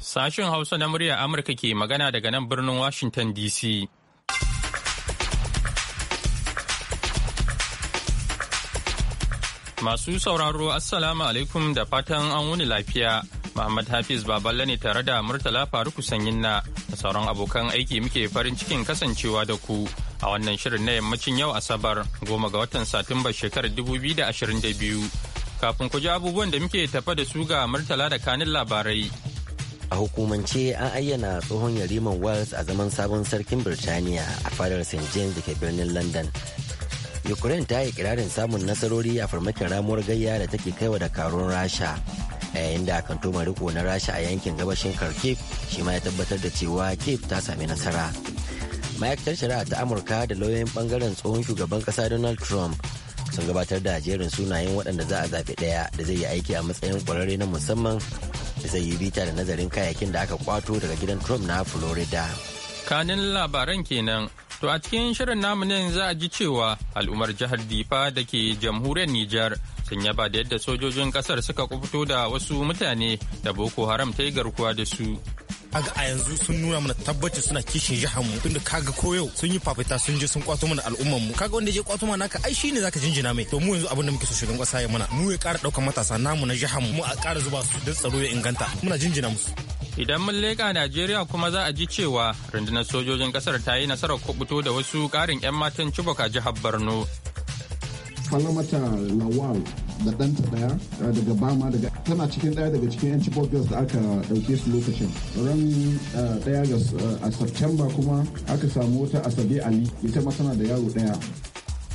Sashen Hausa na murya Amurka ke magana daga nan birnin Washington DC. Masu sauraro Assalamu alaikum da fatan an wuni lafiya. Muhammad Hafiz Baballe ne tare da Murtala Faruku Sanyin na sauran abokan aiki muke farin cikin kasancewa da ku a wannan shirin na yammacin yau Asabar goma ga watan Satumba shekarar 2022. Kafin ku ji abubuwan da muke tafa da su ga Murtala da kanin labarai. A hukumance an ayyana tsohon yariman Wales a zaman sabon sarkin Birtaniya a fadar St. James da ke birnin London. Ukraine ta yi kirarin samun nasarori a farmakin ramuwar gayya da take kaiwa da karun Rasha. A yayin da toma riko na Rasha a yankin gabashin Kharkiv shi ma ya tabbatar da cewa Kiev ta sami nasara. Ma'aikatar shari'a ta Amurka da lauyoyin bangaren tsohon shugaban kasa Donald Trump sun gabatar da jerin sunayen waɗanda za a zaɓi ɗaya da zai yi aiki a matsayin ƙwararre na musamman da zai yi bita da nazarin kayayyakin da aka kwato daga gidan Trump na Florida. Kanin labaran kenan. To a cikin shirin namu za a ji cewa al'ummar jihar Difa da ke jamhuriyar Nijar sun yaba da yadda sojojin kasar suka kubuto da wasu mutane da boko haram ta yi garkuwa da su kaga a yanzu sun nuna mana tabbaci suna kishin jihar mu tunda kaga ko yau sun yi fafita sun je sun kwato mana al'umman mu kaga wanda je kwato mana ka ai shine zaka jinjina mai to mu yanzu abinda da muke so shugaban kasa ya mana mu ya kara ɗaukar matasa namu na jihar mu a kara zuba su da tsaro ya inganta muna jinjina musu Idan mun leƙa Najeriya kuma za a ji cewa rundunar sojojin kasar ta yi nasarar kubuto da wasu ƙarin 'yan matan Chibok jihar Borno Falamata Lawal da ɗanta ɗaya daga Bama daga tana cikin ɗaya daga cikin yanci Chibok da aka ɗauke su lokacin. Ran ɗaya ga a September kuma aka samu wata Asabe Ali ita ma tana da yaro ɗaya.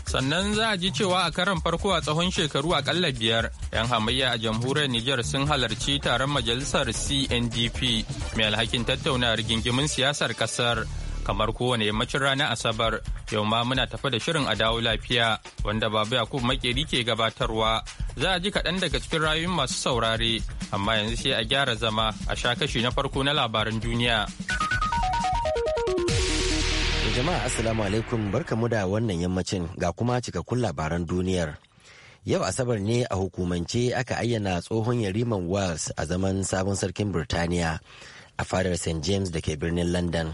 sannan za a ji cewa a karan farko a tsawon shekaru akalla biyar 'yan hamayya a jamhuriyar niger sun halarci taron majalisar CNDP mai alhakin tattauna rigingimin siyasar kasar kamar kowane yammacin ranar asabar yau ma muna tafa da shirin a dawo lafiya wanda babu yakubu makeri ke gabatarwa za a ji kaɗan daga cikin rayuwar masu saurare amma yanzu sai a gyara zama a sha kashi na farko na labaran duniya jama'a assalamu alaikum barkamu da wannan yammacin ga kuma cikakkun labaran duniyar yau asabar ne a hukumance aka ayyana tsohon yariman wales a zaman sabon sarkin birtaniya a fadar st james da ke birnin london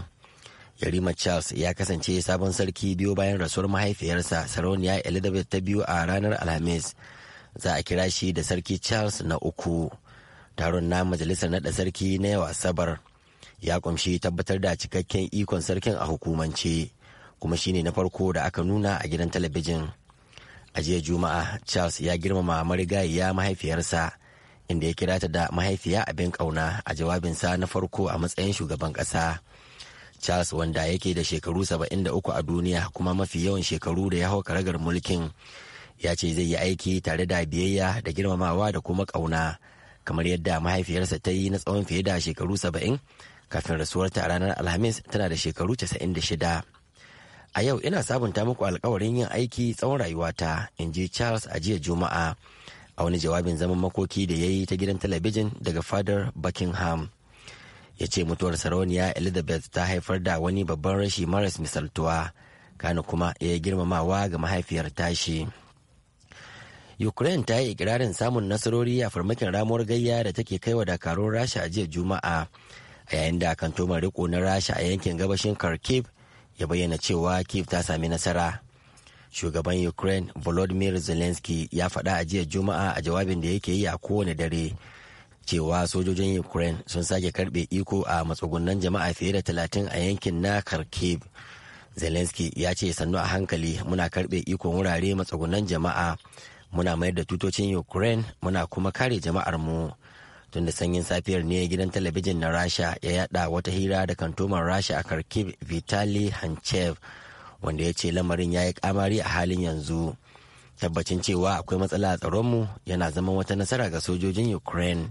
Yarima Charles ya kasance sabon sarki biyu bayan rasuwar mahaifiyarsa sarauniya Elizabeth ta biyu a ranar Alhamis. Za a kira shi da sarki Charles na uku. Taron na majalisar naɗa sarki na yau Asabar ya kumshi tabbatar da cikakken ikon sarkin a hukumance kuma shine na farko da aka nuna a gidan talabijin. A jiya Juma'a Charles ya girmama marigayiya mahaifiyarsa inda ya kira ta da mahaifiya abin ƙauna a jawabinsa na farko a matsayin shugaban ƙasa. charles wanda yake da shekaru 73 a duniya kuma mafi yawan shekaru da ya hau karagar mulkin ya ce zai yi aiki tare da biyayya da girmamawa da kuma ƙauna kamar yadda mahaifiyarsa ta yi na tsawon fiye da shekaru 70 kafin rasuwarta a ranar alhamis tana da shekaru 96 a yau ina sabunta muku alkawarin yin aiki tsawon rayuwata in ji charles a jiya juma'a a wani jawabin zaman makoki da ya yi ta gidan talabijin daga fadar buckingham ya ce mutuwar sarauniya elizabeth ta haifar da wani babban rashi maras misaltuwa kana kuma ya girmamawa ga mahaifiyar tashi ukraine ta yi ikirarin samun nasarori a farmakin ramuwar gayya da take wa dakarun rasha a jiya juma'a a yayin da kantoman riko na rasha a yankin gabashin kharkiv ya bayyana cewa kiev ta sami nasara shugaban ukraine volodymyr zelensky ya faɗa a jiya juma'a a jawabin da yake yi a kowane dare cewa sojojin ukraine sun sake karbe iko a matsugunan jama'a fiye da talatin a yankin na kharkiv zelensky ya ce sannu a hankali muna karbe ikon wurare matsugunan jama'a muna mayar da tutocin ukraine muna kuma kare jama'ar mu tunda sanyin safiyar ne gidan talabijin na rasha ya yada wata hira da kantoman rasha a kharkiv vitali hanchev wanda ya ce lamarin ya yi kamari a halin yanzu tabbacin cewa akwai matsala a tsaronmu yana zama wata nasara ga sojojin ukraine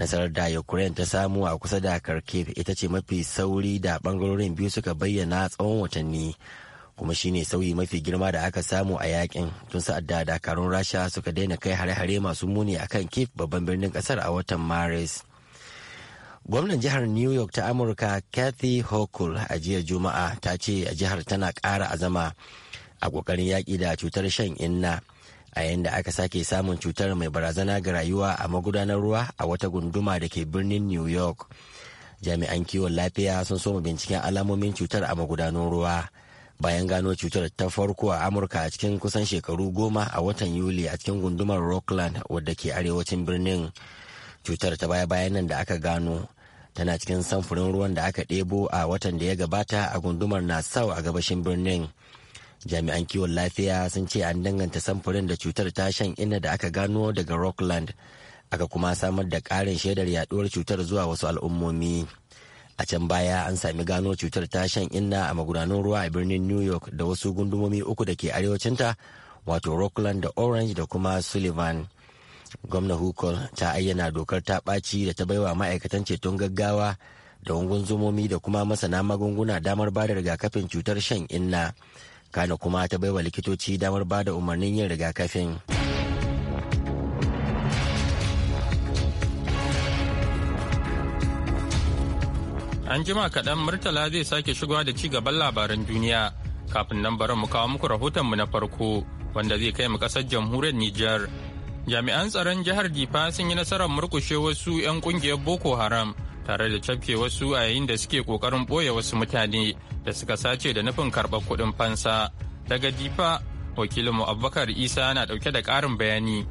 nasarar da ukraine ta samu a kusa da kharkiv ita ce mafi sauri da bangarorin biyu suka bayyana tsawon watanni kuma shine sauyi mafi girma da aka samu a yakin tun sa'ad da dakarun rasha suka daina kai hare-hare masu muni a kan kif babban birnin kasar a watan maris gwamnan jihar new york ta amurka kathy hochul a jiya juma'a ta ce a jihar tana kara azama a kokarin yaki da cutar shan inna a yayin da aka sake samun cutar mai barazana ga rayuwa a magudanar ruwa a wata gunduma da ke birnin new york jami'an kiwon lafiya sun soma binciken alamomin cutar a magudanar ruwa bayan gano cutar ta farko a amurka a cikin kusan shekaru goma a watan yuli a cikin gundumar rockland wadda ke arewacin birnin cutar ta baya bayan nan da aka gano tana cikin samfurin ruwan da aka ɗebo a watan da ya gabata a gundumar nassau a gabashin birnin jami'an kiwon lafiya sun ce an danganta samfurin da cutar ta shan inna da aka gano daga rockland aka kuma samar da ƙarin shaidar yaduwar cutar zuwa wasu al'ummomi a can baya an sami gano cutar ta shan inna a magudanan ruwa a birnin new york da wasu gundumomi uku da ke arewacinta wato rockland da orange da kuma sullivan gwamna hukul ta ayyana dokar ta ɓaci da ta baiwa ma'aikatan ceton gaggawa da ungunzumomi da kuma masana magunguna damar ba da rigakafin cutar shan inna kana kuma ta wa likitoci damar ba da umarnin yin rigakafin an jima kaɗan murtala zai sake shigowa da ci gaban labaran duniya kafin nan bari mu kawo muku rahoton mu na farko wanda zai kai mu ƙasar jamhuriyar nijar jami'an tsaron jihar difa sun yi nasarar murkushe wasu 'yan ƙungiyar boko haram tare da cafke wasu a yayin da suke kokarin ɓoye wasu mutane da suka sace da nufin karɓar kuɗin fansa daga difa wakilinmu abubakar isa na ɗauke da ƙarin bayani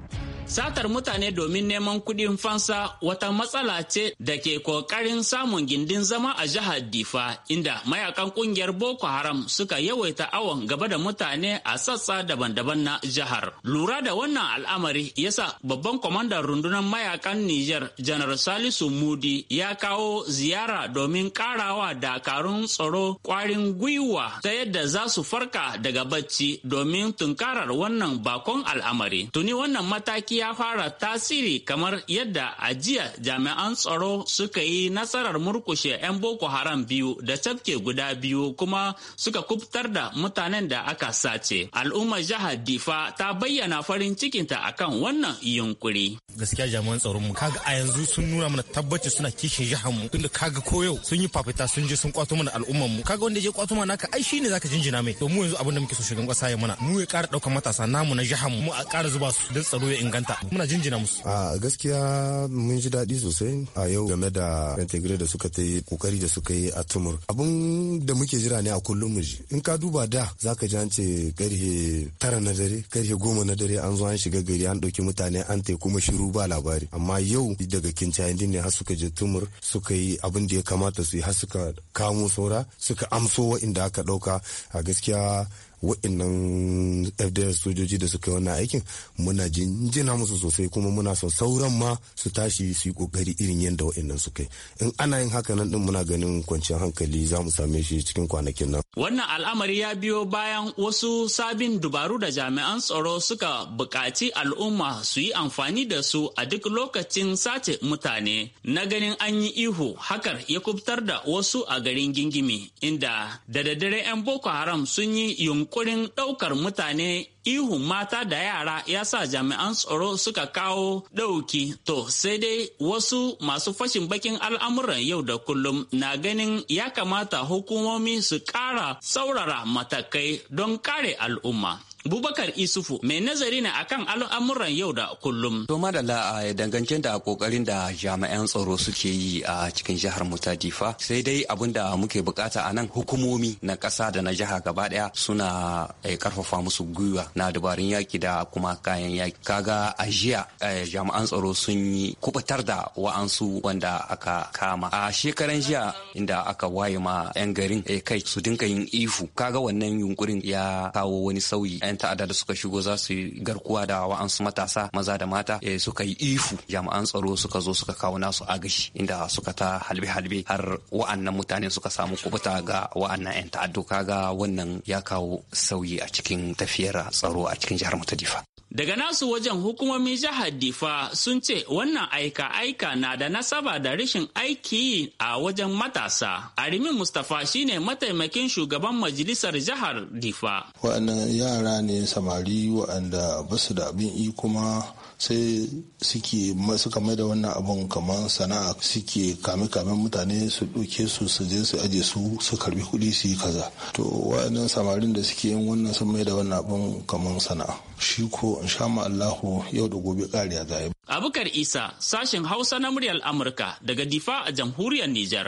Satar mutane domin neman kuɗin fansa wata matsala ce da ke ƙoƙarin samun gindin zama a jihar Difa inda mayakan ƙungiyar Boko Haram suka yawaita awon gaba da mutane a sassa daban-daban na jihar. Lura da wannan al'amari yasa babban kwamandan rundunar mayakan Nijar Janar Salisu Mudi ya kawo ziyara domin ƙarawa dakarun tsaro ƙwarin gwiwa ta yadda za su farka daga bacci domin tunkarar wannan bakon al'amari. Tuni wannan mataki ya fara tasiri kamar yadda a jiya jami'an tsaro suka yi nasarar murkushe 'yan Boko Haram biyu da tafke guda biyu kuma suka kubtar da mutanen da aka sace. Al'ummar jihar Difa ta bayyana farin cikinta kan wannan yunkuri. Gaskiya jami'an tsaron mu kaga a yanzu sun nuna mana tabbacin suna kishin jihar mu tunda kaga ko yau sun yi fafita sun je sun kwato mana al'ummar mu kaga wanda je kwato mana ka ai shine zaka jinjina mai to mu yanzu abin da muke so shugaban kasa ya mana mu ya kara daukar matasa namu na jihar mu mu a kara zuba su don tsaro ya inganta makaranta muna jinjina musu a gaskiya mun ji daɗi sosai a yau game da integrate da suka ta yi kokari da suka yi a tumur abun da muke jira ne a kullum mu ji in ka duba da zaka ji an ce karhe tara na dare karhe goma na dare an zo an shiga gari an ɗauki mutane an tai kuma shiru ba labari amma yau daga kincayandi ne har suka je tumur suka yi abin da ya kamata su yi har suka kamo saura suka amso wa'inda aka ɗauka a gaskiya wa'annan fdl sojoji da suka yi wannan aikin muna jinjina musu sosai kuma muna son sauran ma su tashi su yi kokari irin yadda wa'annan suka yi in ana yin haka nan din muna ganin kwanciyar hankali za mu same shi cikin kwanakin nan wannan al'amari ya biyo bayan wasu sabin dubaru da jami'an tsaro suka buƙaci al'umma su yi amfani da su a duk lokacin sace mutane na ganin an yi ihu hakar ya kubtar da wasu a garin gingimi inda da daddare 'yan boko haram sun yi yunƙuri yunkurin ɗaukar mutane ihu mata da yara ya sa jami'an tsaro suka kawo ɗauki to sai dai wasu masu fashin bakin al'amuran yau da kullum na ganin ya kamata hukumomi su ƙara saurara matakai don kare al'umma. Bubakar Isufu mai nazari ne akan al'amuran yau da kullum. To madalla a dangance da kokarin da jami'an tsaro suke yi a cikin jihar mu sai dai abin da muke bukata a nan hukumomi na ƙasa da na jiha gaba daya suna karfafa eh, musu gwiwa na dabarun yaki da kuma kayan yaki. Kaga a jiya eh, jami'an tsaro sun yi kubutar da wa'ansu wanda aka kama. A shekaran jiya inda aka waye ma 'yan garin eh, kai su dinka yin ifu kaga wannan yunkurin ya kawo wani sauyi 'yan ta'adda da suka shigo za su yi garkuwa da wa'ansu matasa maza da mata eh, suka yi ihu jami'an tsaro suka zo suka kawo nasu agashi inda suka ta halbe-halbe har wa'annan mutane suka samu kubuta ga wa'annan 'yan ta'addu kaga wannan ya kawo sauyi a cikin tafiyar tsaro a cikin jihar Mutadifa. Daga nasu wajen hukumomin jihar Difa sun ce wannan aika-aika na da nasaba da rashin aiki a wajen matasa. Arimin Mustapha shine mataimakin shugaban majalisar jihar Difa. Waɗannan yara ne samari waɗanda ba su da abin yi kuma sai suke suka mai da wannan abun kamar sana'a suke kame kame mutane su ɗauke su su je su aje su su karbi kuɗi su yi kaza to waɗannan samarin da suke yin wannan sun mai da wannan abun kamar sana'a shi ko in sha ma Allahu yau da gobe a zaye. abu Isa sashen Hausa na muryar Amurka daga Difa a jamhuriyar Nijar.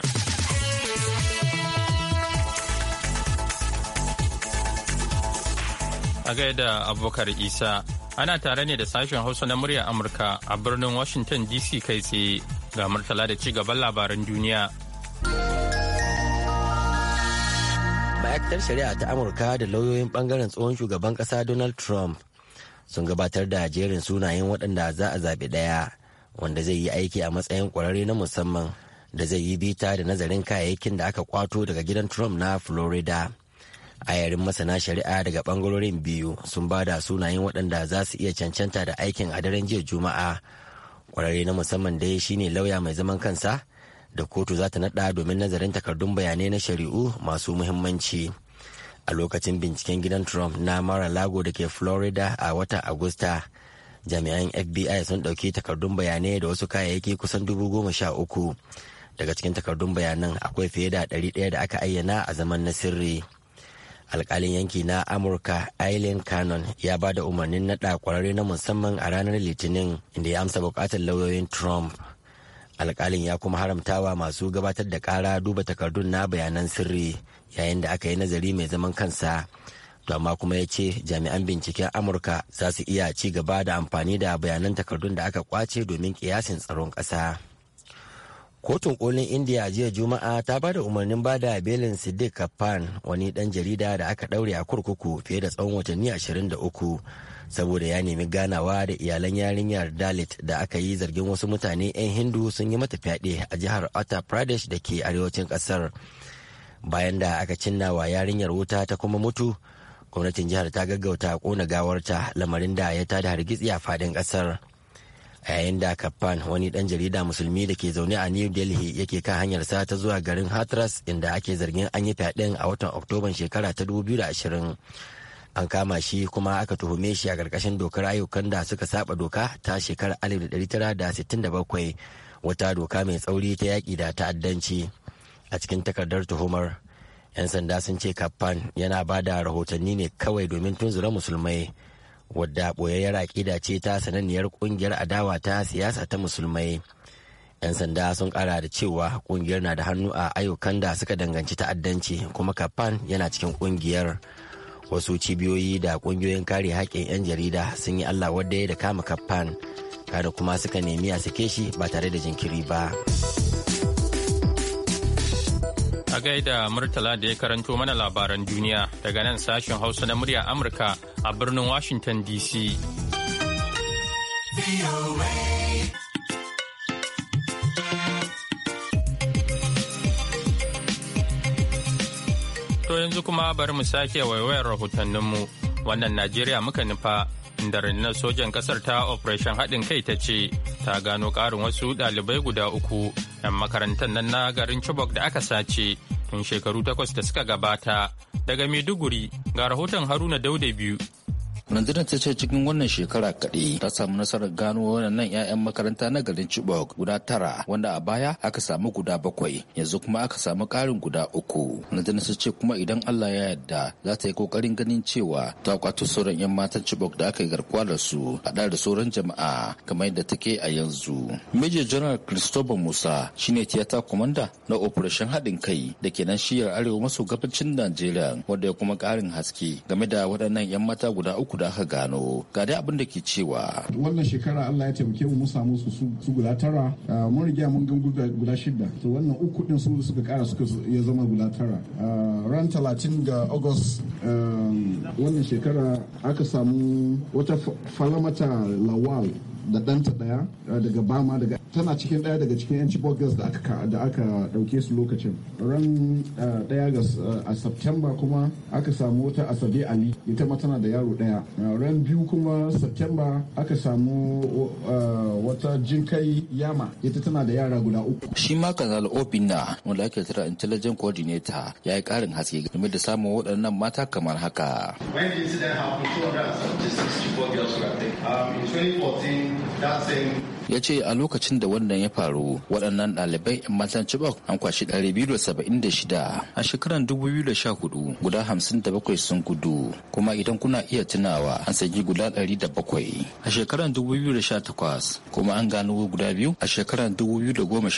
A gaida Abubakar Isa, ana tare ne da sashen Hausa na murya Amurka a birnin Washington DC kai tsaye ga Murtala da ci gaban labaran duniya. Ma'aikatar shari'a ta Amurka da lauyoyin bangaren tsohon shugaban kasa Donald Trump sun gabatar da jerin sunayen waɗanda za a zaɓi ɗaya wanda zai yi aiki a matsayin ƙwararre na musamman da zai yi bita da nazarin kayayyakin da aka kwato daga gidan Trump na Florida. a yarin masana shari'a daga bangarorin biyu sun ba da sunayen waɗanda za su iya cancanta da aikin a daren jiya juma'a kwararre na musamman dai shine lauya mai zaman kansa da kotu za ta naɗa domin nazarin takardun bayanai na shari'u masu muhimmanci a lokacin binciken gidan trump na mara lago da ke florida a watan agusta jami'an fbi sun ɗauki takardun bayanai da wasu kayayyaki kusan dubu goma sha uku daga cikin takardun bayanan akwai fiye da ɗari ɗaya da aka ayyana a zaman na sirri alkalin yanki na amurka eileen cannon ya ba da umarnin naɗa kwararre na musamman a ranar litinin inda ya amsa buƙatar lauyoyin trump alkalin ya kuma haramtawa masu gabatar da ƙara duba takardun na bayanan sirri yayin da aka yi nazari mai zaman kansa to amma kuma ya ce jami'an binciken amurka za su iya ci gaba da amfani da bayanan takardun da aka kwace domin kiyasin tsaron ƙasa. kotun kolin india jiya juma'a ta ba da umarnin ba da belin siddiq kafan wani dan jarida da aka daure a kurkuku fiye da tsawon watanni 23 saboda ya nemi ganawa da iyalan yarinyar dalit da aka yi zargin wasu mutane 'yan hindu sun yi mata fyaɗe a jihar uttar pradesh da ke arewacin ƙasar bayan da aka cinna wa yarinyar wuta ta kuma mutu gwamnatin jihar ta gaggauta kona gawarta lamarin da ya tada hargitsi a fadin ƙasar a yayin da kafan wani dan jarida musulmi da ke zaune a new delhi yake kan hanyarsa ta zuwa garin hatras inda ake zargin an yi fyaɗen a watan oktoban shekara ta 2020 an kama shi kuma aka tuhume shi a ƙarƙashin dokar ayyukan da suka saba doka ta shekarar 1967 wata doka mai tsauri ta yaƙi da ta'addanci a cikin takardar tuhumar 'yan sanda sun ce kafan yana ba da rahotanni ne kawai domin tunzura musulmai wadda ɓoyayyar aƙida ce ta sananniyar ƙungiyar adawa ta siyasa ta musulmai 'yan sanda sun kara da cewa ƙungiyar na da hannu a ayyukan da suka danganci ta'addanci kuma kafan yana cikin ƙungiyar wasu cibiyoyi da ƙungiyoyin kare haƙƙin 'yan jarida sun yi allah wadda ya da kama kafan kada kuma suka nemi a sake shi ba tare da jinkiri ba. A gaida Murtala da ya karanto mana labaran duniya daga nan sashen Hausa na murya Amurka a birnin Washington DC. To yanzu kuma bari mu sake waiwayar rahotanninmu wannan Najeriya muka nufa inda rundunar sojan kasar ta Operation haɗin kai ta ce ta gano ƙarin wasu ɗalibai guda uku 'yan makarantar nan na garin Chibok da aka sace tun shekaru takwas da suka gabata daga Maiduguri ga rahoton Haruna Dauda biyu Rundunar ta ce cikin wannan shekara kaɗai ta samu nasarar gano wannan 'ya'yan makaranta na garin Chibok guda tara wanda a baya aka samu guda bakwai yanzu kuma aka samu ƙarin guda uku. Rundunar ta ce kuma idan Allah ya yarda za ta yi ƙoƙarin ganin cewa ta kwato sauran 'yan matan Chibok da aka yi garkuwa da su haɗa da sauran jama'a kamar yadda take a yanzu. Major General Christopher Musa shine tiyata komanda na operation haɗin kai da ke nan shiyar arewa maso gabacin Najeriya wanda ya kuma ƙarin haske game da waɗannan 'yan mata guda uku da aka gano ga dai abin da ke cewa wannan shekara Allah ya taimake mu mu samu su su guda tara ah, mun riga mun ga guda shida to wannan uku din su suka kara suka ya zama guda tara ah, ran 30 ga August ah, wannan shekara aka samu wata falamata lawal da ɗanta ɗaya daga bama daga tana cikin ɗaya daga cikin 'yan chibok da aka da aka ɗauke su lokacin ran ɗaya ga a septemba kuma aka samu wata asabe ali ita ma tana da yaro ɗaya ran biyu kuma septemba aka samu wata jinkai yama ita tana da yara guda uku shi ma kanal obinna wanda ake tara intelligent coordinator ya yi ƙarin haske game da samun waɗannan mata kamar haka when the incident happened 276 chibok girls were Um, in 2014, that same ya ce a lokacin da wannan ya faru waɗannan ɗalibai 'yan matan Chibok an kwashi 276 a shekarar 2014 guda 57 sun gudu kuma idan kuna iya tunawa an saki guda bakwai a shekarar 2018 kuma an gano guda biyu a shekarar 2019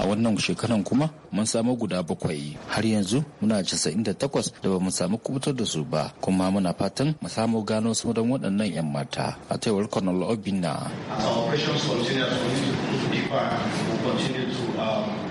a wannan shekarar kuma mun samu guda bakwai har yanzu muna 98 da ba mu samu kubutar da su ba kuma muna fatan mu samu gano sauran waɗannan 'yan mata a taiwar Colonel Obina. Our continue to, to deeper, we'll continue to um,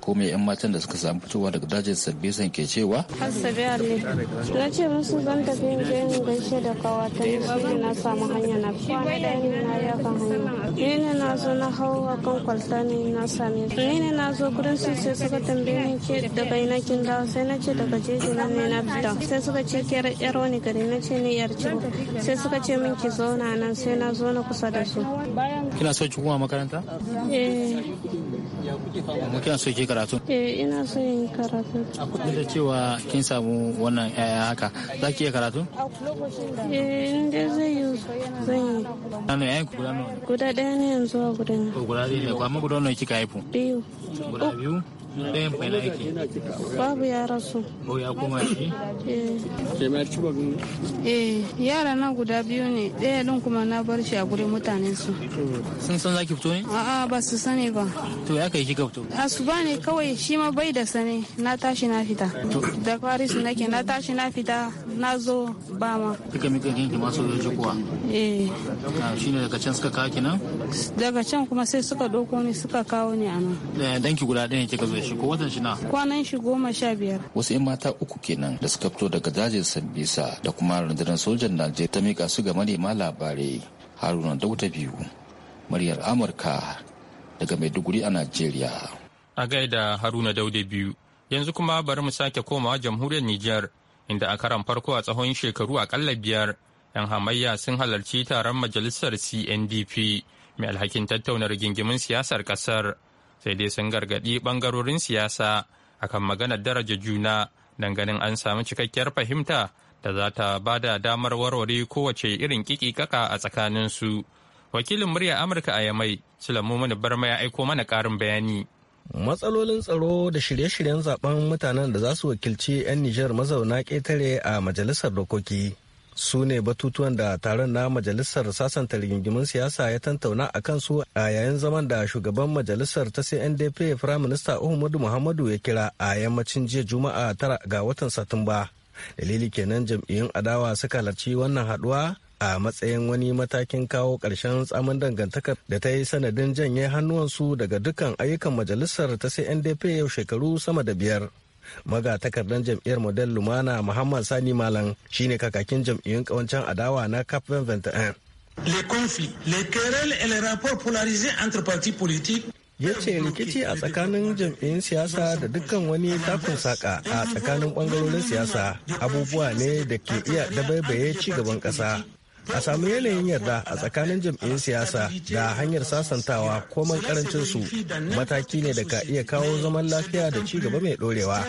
ko yan matan da suka samu fitowa daga dajin sabbisan ke cewa har hassabiyar ne na ce musu zan tafi je in gaishe da kawata ne na samu hanya na kwana da ni na ya kan hanya ni ne na zo na hau a kan kwalta ne na sami. ni ne na zo gurin su sai suka tambaye ni ke daga ina kin dawo sai na ce daga jeji na ne na fita sai suka ce ke yaro ne gari na ce ni yar ciwo sai suka ce min ki zauna nan sai na zo na kusa da su kina so ki kuma makaranta eh Mukin so ke karatu? Eh ina so yin karatu. a kudin da cewa kin samu wannan yaya haka za ki iya karatu? Eh inda zai yi zan yi. Ano yayin guda nawa? Guda ɗaya ne yanzu a guda ne. Guda ne ku amma guda ne kika haifu? Biyu. Guda biyu? ɗayan fa na yake babu ya rasu o ya kuma shi ke ma ci bagun eh yara na guda biyu ne ɗaya din kuma na bar shi a gurin mutanen su sun san zaki fito ne a'a ba su sani ba to ya kai kika fito asuba ne kawai shi ma bai da sani na tashi na fita da paris nake na tashi na fita na zo ba ma kika mika kinki masu yoji kuwa eh ah, ne daga can suka kawo nan. daga can kuma sai suka doko ni suka kawo ni a nan eh, danki guda ɗaya kika zo shi ko watan shi na kwanan shi goma sha biyar wasu yan mata uku kenan da suka fito daga dajin sambisa da kuma rundunar sojan najeriya ta mika su ga manema labarai haruna dauta biyu muryar amurka daga maiduguri a najeriya a gaida haruna dauda biyu yanzu kuma bari mu sake komawa jamhuriyar nijar inda a karan farko a tsahon shekaru akalla biyar 'yan hamayya sun halarci taron majalisar cndp mai alhakin tattaunar gingimin siyasar kasar sai dai sun gargadi ɓangarorin siyasa akan maganar daraja juna ganin an samu cikakkiyar fahimta da za ta ba da damar warware kowace irin kikikaka a tsakaninsu wakilin murya amurka a yamai sulamu mana barma ya aiko mana ƙarin bayani matsalolin tsaro da shirye-shiryen zaben mutanen da za su wakilci 'yan nijar mazauna ketare a majalisar dokoki su ne batutuwan da taron na majalisar sasanta rigingimin siyasa ya tantauna a kansu a yayin zaman da shugaban majalisar ta cndp firayim minista uhumudu muhammadu ya kira a yammacin jiya juma'a tara ga watan satumba dalili kenan jam'iyyun adawa suka halarci wannan haduwa a matsayin wani matakin kawo ƙarshen tsamin dangantakar da ta yi sanadin janye hannuwansu daga dukkan ayyukan majalisar ta CNDP yau shekaru sama da biyar. magatakardar jam'iyyar model lumana muhammad sani malam shine kakakin jam'iyyun kawancin adawa na cap 21 les ya ce rikici a tsakanin jam'iyyun siyasa da dukkan wani takun saka a tsakanin bangarorin siyasa abubuwa ne da ke iya dabaibaye ci gaban ƙasa a samu yanayin yarda a tsakanin jam'iyyun siyasa da hanyar sasantawa komai karancin su mataki ne da ka iya kawo zaman lafiya da ci gaba mai dorewa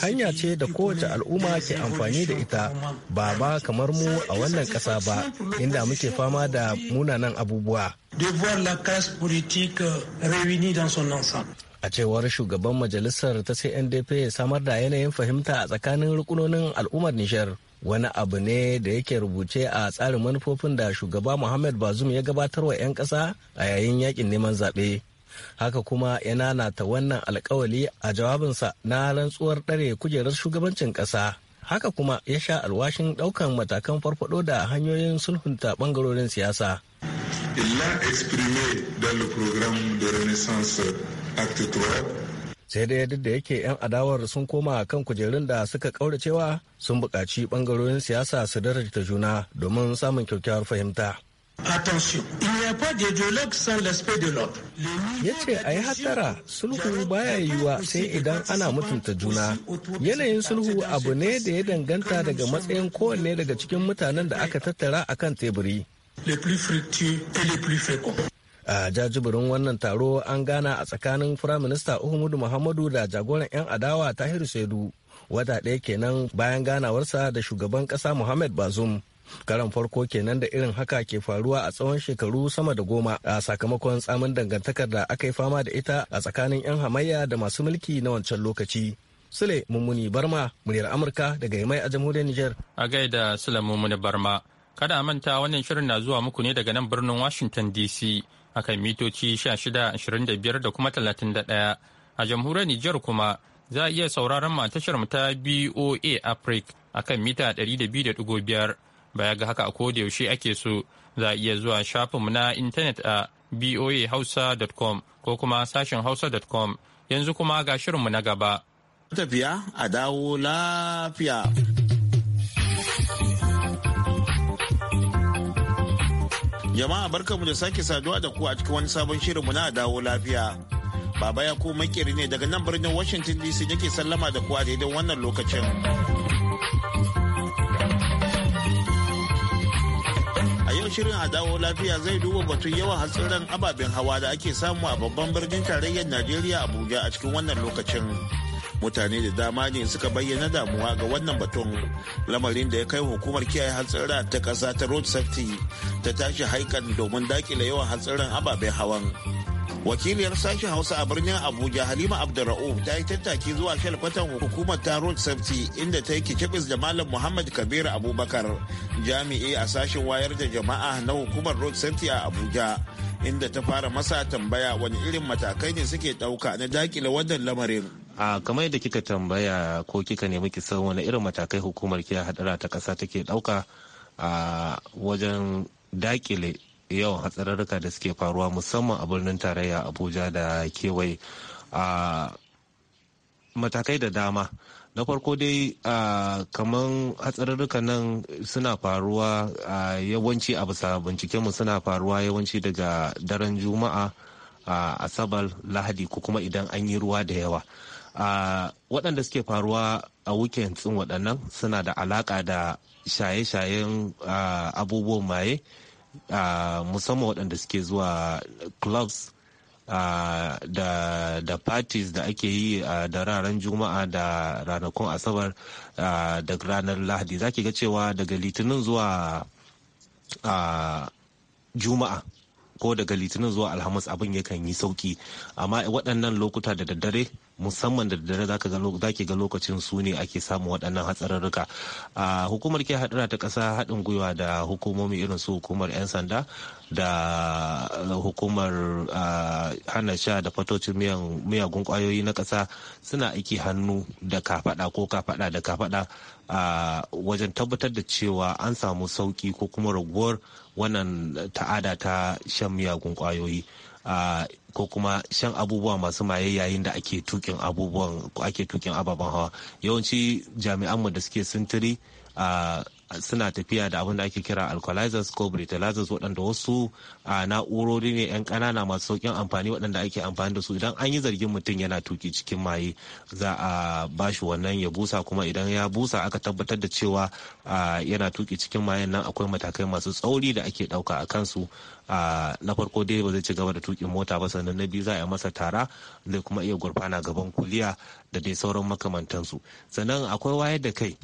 hanya ce da kowace al'umma ke amfani da ita ba ba kamar mu a wannan ƙasa ba inda muke fama da munanan abubuwa A cewar shugaban majalisar ta CNDP samar da yanayin fahimta a tsakanin rukunonin al'ummar Nijar wani abu ne da yake rubuce a tsarin manufofin da shugaba muhammad bazum ya gabatar wa 'yan ƙasa a yayin yakin neman zaɓe haka kuma ya nanata wannan alkawali a jawabinsa na rantsuwar ɗare kujerar shugabancin ƙasa haka kuma ya sha alwashin ɗaukan matakan farfaɗo da hanyoyin sulhunta ɓangarorin siyasa Il l'a exprimé dans le programme de Renaissance Acte 3 sai dai duk da yake 'yan adawar sun koma kan kujerun da suka kauracewa sun buƙaci ɓangarorin siyasa su darajta juna domin samun kyakkyawar fahimta. Ya ce a yi hatara sulhu baya yiwuwa sai idan ana mutunta juna. Yanayin sulhu abu ne da ya danganta daga matsayin kowanne daga cikin mutanen da aka tattara a kan teburi. Le a jajibirin wannan taro an gana a tsakanin firaminista uhumudu muhammadu da jagoran 'yan adawa tahiru saidu wata ɗaya kenan bayan ganawarsa da shugaban ƙasa muhammad bazum karan farko kenan da irin haka ke faruwa a tsawon shekaru sama da goma a sakamakon tsamin dangantakar da aka yi fama da ita a tsakanin 'yan hamayya da masu mulki na wancan lokaci sule mummuni barma muryar amurka daga yamai a jamhuriyar niger a gaida sule mummuni barma kada a manta wannan shirin na zuwa muku ne daga nan birnin washington dc akan mitoci 1625 da kuma 31 a jamhuriyar Nijar kuma za a iya sauraron matashar ta BOA Africa a kan mita 200.5 baya ga haka a yaushe ake so za a iya zuwa shafinmu na intanet a boahausa.com ko kuma sashen hausa.com yanzu kuma ga shirinmu na gaba. Tafiya a dawo lafiya. Jama'a mu da sake saduwa da ku a cikin wani sabon shirin mu na dawo lafiya. Baba ya ko makeri ne daga nan birnin Washington DC yake sallama da ku a daidai wannan lokacin. A yau shirin a dawo lafiya zai duba batun yawan hatsarin ababen hawa da ake samu a babban birnin tarayyar Najeriya Abuja a cikin wannan lokacin. mutane da dama ne suka bayyana damuwa ga wannan batun lamarin da ya kai hukumar kiyaye hatsara ta kasa ta road safety ta tashi haikan domin dakile yawan hatsarin ababen hawan wakiliyar sashen hausa a birnin abuja halima abdurra'u ta yi tattaki zuwa shalkwatan hukumar ta road safety inda ta yi kicibis da malam muhammad kabir abubakar jami'i a sashen wayar da jama'a na hukumar road safety a abuja inda ta fara masa tambaya wani irin matakai ne suke ɗauka na dakile wannan lamarin a kamar da kika tambaya ko kika nemi ki san wani irin matakai hukumar kiyaye hadara ta kasa take dauka a wajen dakile yawan hatsararruka da suke faruwa musamman a birnin tarayya abuja da kewaye a matakai da dama na farko dai kamar hatsarurruka nan suna faruwa yawanci a bisa bincikenmu suna faruwa yawanci daga daren juma'a a asabar lahadi ko kuma idan an yi ruwa da yawa waɗanda suke faruwa a weekend ɗin waɗannan suna da alaƙa da shaye-shayen abubuwan maye musamman waɗanda suke zuwa clubs da, da parties da ake yi da ranar juma'a da ranakun asabar da ranar lahadi za ki ga cewa daga litinin zuwa juma'a ko daga litinin zuwa alhamis abin yakan yi sauki amma waɗannan lokuta da daddare musamman da dare za ki ga lokacin su ne ake samun waɗannan hatsararruka a hukumar ke haɗura ta ƙasa haɗin gwiwa da hukumomi irin su hukumar 'yan sanda da hukumar hana sha da fatocin miyagun ƙwayoyi na ƙasa suna aiki hannu da kafaɗa ko kafaɗa da kafaɗa a wajen tabbatar da cewa an samu sauki ko kuma raguwar wannan ta'ada ta shan miyagun ƙwayoyi. ko kuma shan abubuwa masu maye yayin da ake tukin abubuwan ake tukin ababen hawa yawanci jami'anmu da suke sintiri suna tafiya da abin da ake kira alkalizers ko britalizers waɗanda wasu a na'urori ne 'yan ƙanana masu sauƙin amfani waɗanda ake amfani da su idan an yi zargin mutum yana tuki cikin maye za a ba wannan ya busa kuma idan ya busa aka tabbatar da cewa yana tuki cikin mayen nan akwai matakai masu tsauri da ake ɗauka a kansu na farko dai ba zai ci gaba da tukin mota ba sannan na biyu za a masa tara zai kuma iya gurfana gaban kuliya da dai sauran makamantansu sannan akwai wayar da kai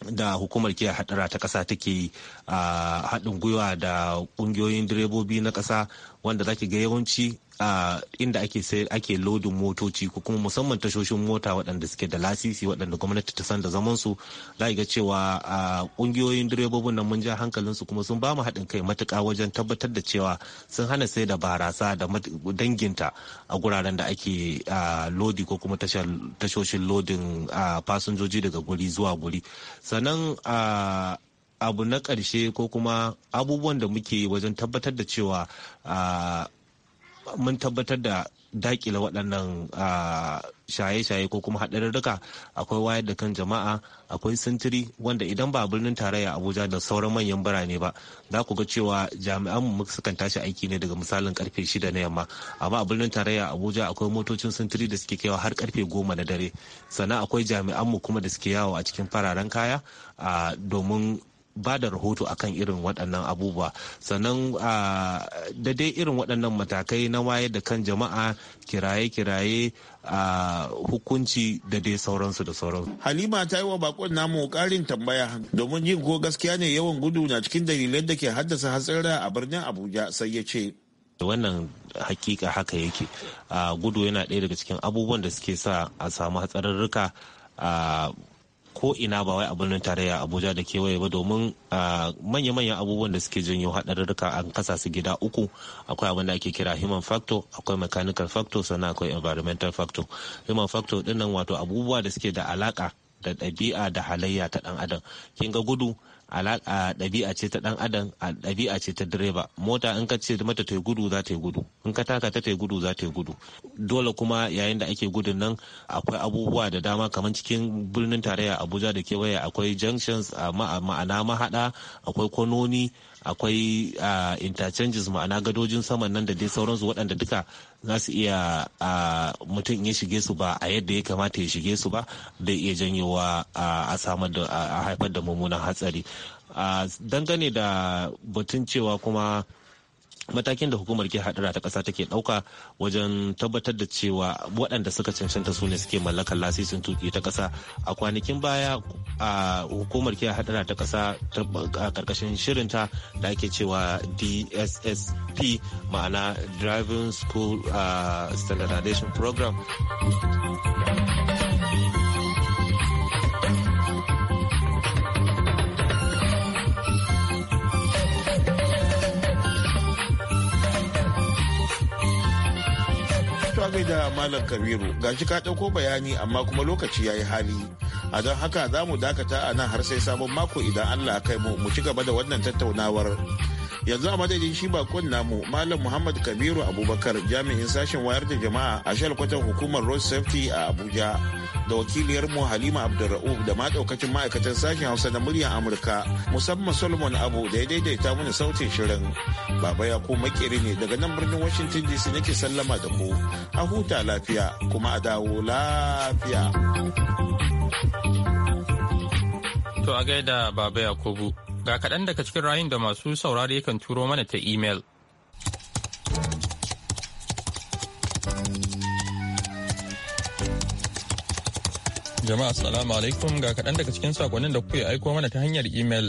da hukumar kiyaye hadara ta kasa take yi a haɗin gwiwa da ƙungiyoyin direbobi na ƙasa wanda zaki ga yawanci uh, inda ake sai ake lodin motoci ko kuma musamman tashoshin mota waɗanda suke da lasisi waɗanda gwamnati ta san da zaman su za ga cewa ƙungiyoyin direbobin nan mun ja hankalin su kuma sun ba mu haɗin kai matuƙa wajen tabbatar da cewa sun hana sai da barasa da danginta a guraren da ake lodi ko kuma tashoshin lodin fasinjoji daga guri zuwa guri sannan abu na ƙarshe ko kuma abubuwan da muke wajen tabbatar da cewa mun tabbatar da dakila waɗannan shaye-shaye ko kuma haɗarurruka akwai wayar da kan jama'a akwai sintiri wanda idan ba birnin tarayya abuja da sauran manyan birane ba za ku ga cewa jami'an mu sukan tashi aiki ne daga misalin karfe shida na yamma amma a birnin tarayya abuja akwai motocin sintiri da suke kaiwa har karfe goma na dare sannan akwai jami'an mu kuma da suke yawo a cikin fararen kaya domin ba da rahoto akan irin waɗannan abubuwa sannan da dai irin waɗannan matakai na wayar da kan jama'a kiraye-kiraye a hukunci da dai sauransu da sauransu. Halima ta yi wa bakon namu karin tambaya domin yin ko gaskiya ne yawan gudu na cikin dalilan da ke haddasa hatsara a birnin Abuja sai ya ce. Wannan hakika haka yake gudu yana ɗaya daga cikin abubuwan da suke sa a samu hatsararruka ko ina ba wai a birnin tarayya abuja da kewaye ba domin manya-manyan abubuwan da suke janyo haɗarurruka an kasa su gida uku akwai abin da ake kira human factor akwai mechanical factor sannan akwai environmental factor human factor dinnan wato abubuwa da suke da alaka da ɗabi'a da halayya ta ɗan adam kin ga gudu a ɗabi'a ce ta ɗan adam a ɗabi'a ce ta direba mota in ka ce mata ta gudu za ta yi gudu in ka taka ta ta gudu za ta yi gudu dole kuma yayin da ake gudun nan akwai abubuwa da dama kamar cikin birnin tarayya abuja da kewaye akwai junctions a ma'ana mahaɗa akwai kwanoni akwai ah, interchanges ma'ana gadojin saman nan da dai sauransu waɗanda duka za su iya ah, mutum ya shige su ba a yadda ya kamata ya shige su ba da iya janyowa ah, a samar da a haifar da mummunan hatsari dangane da batun cewa kuma matakin da hukumar ke hadara ta kasa take dauka wajen tabbatar da cewa waɗanda suka cancanta su ne suke mallakar lasisin tuki ta kasa a kwanakin baya a hukumar ke hadara ta kasa a karkashin shirinta da ake cewa dssp ma'ana driving school standardization program da Malam Kabiru gashi ka ɗauko bayani amma kuma lokaci ya yi hali. A don haka za mu dakata a nan har sai sabon mako idan Allah kai mu mu ci gaba da wannan tattaunawar yanzu a madadin shi bakon namu malam muhammad kabiru abubakar jami'in sashen wayar da jama'a a shalkwatar hukumar road safety a abuja da wakiliyar mu halima abdulra'uf da ma daukacin ma'aikatan sashen hausa na muryar amurka musamman solomon abu da ya daidaita mana sautin shirin baba ya ko makeri ne daga nan birnin washington dc nake sallama da ku a huta lafiya kuma a dawo lafiya to a gaida baba yakubu Ga kaɗan daga cikin rayun da masu saurari kan turo mana ta imel. Jama'a salamu alaikum ga kaɗan daga cikin sakonnin da kuke aiko mana ta hanyar imel.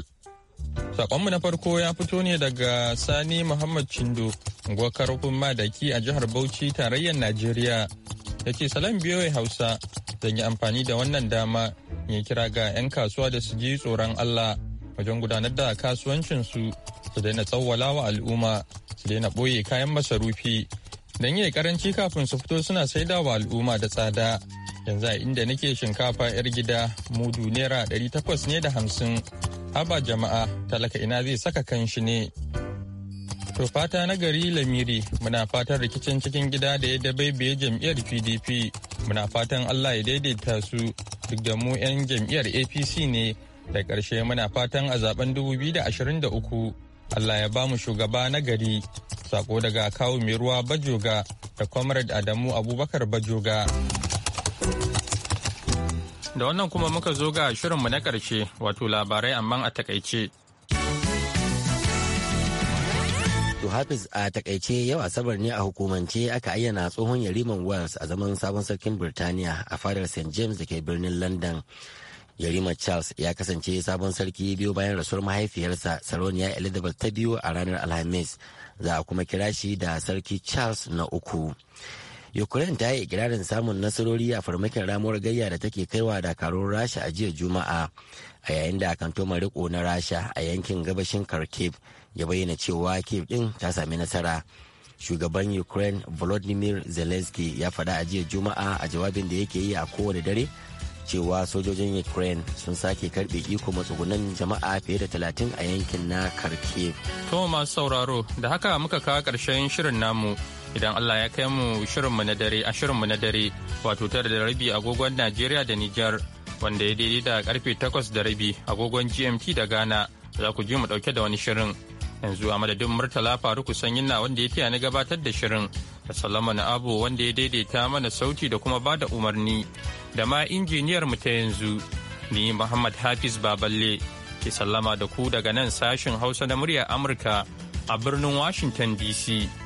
Sakonmu na farko ya fito ne daga Sani Muhammad Chindo, gwakarfin madaki a jihar Bauchi tarayyar Najeriya. Ya ce salam biyoyi Hausa, zan yi amfani da wannan dama ya kira ga 'yan kasuwa da su ji tsoron Allah wajen gudanar da kasuwancinsu su daina tsawwala wa al'umma su daina ɓoye kayan masarufi don yi karanci kafin su fito suna saida wa al'umma da tsada yanzu a inda nake shinkafa 'yar gida mudu naira takwas ne da hamsin haba jama'a talaka ina zai saka kan shi ne to fata na gari lamiri muna fatan rikicin cikin gida da ya dabaibaye jam'iyyar pdp muna fatan allah ya daidaita su duk da mu 'yan jam'iyyar apc ne Da ƙarshe muna fatan a zaben 2023 Allah ya ba mu shugaba na gari. Sako daga kawo mai ruwa Bajoga da Comrade Adamu Abubakar Bajoga. Da wannan kuma muka zo ga shirinmu na ƙarshe wato labarai amma a takaice. To Hafiz a takaice yau Asabar ne a hukumance aka ayyana tsohon yariman Wales a zaman sabon sarkin Birtaniya a fadar St James da ke birnin London. Yarima Charles ya kasance sabon sarki biyu bayan rasuwar mahaifiyarsa Saroniya Elizabeth ta biyu a ranar Alhamis za a kuma kira shi da sarki Charles na uku. Ukraine ta yi ikirarin samun nasarori a farmakin ramuwar gayya da take kaiwa dakarun Rasha a jiya Juma'a a yayin da kantoma riko na Rasha a yankin gabashin Kharkiv ya bayyana cewa Kiev din ta sami nasara. Shugaban Ukraine Volodymyr Zelensky ya faɗa a jiya Juma'a a jawabin da yake yi a kowane dare cewa sojojin ukraine sun sake karbe iko matsugunan jama'a fiye da talatin a yankin na kharkiv to masu sauraro da haka muka kawo karshen shirin namu idan allah ya kai mu shirinmu na dare a shirin mu na dare wato tara da rabi agogon najeriya da niger wanda ya daidai da karfe takwas da rabi agogon gmt da ghana za ku ji mu dauke da wani shirin yanzu a madadin murtala faruku sanyin na wanda ya tiya na gabatar da shirin da na Abu wanda ya daidaita mana sauti da kuma bada umarni da ma injiniyar mu ta yanzu ni Muhammad Hafiz Baballe ke sallama da ku daga nan sashin Hausa na murya Amurka a birnin Washington DC.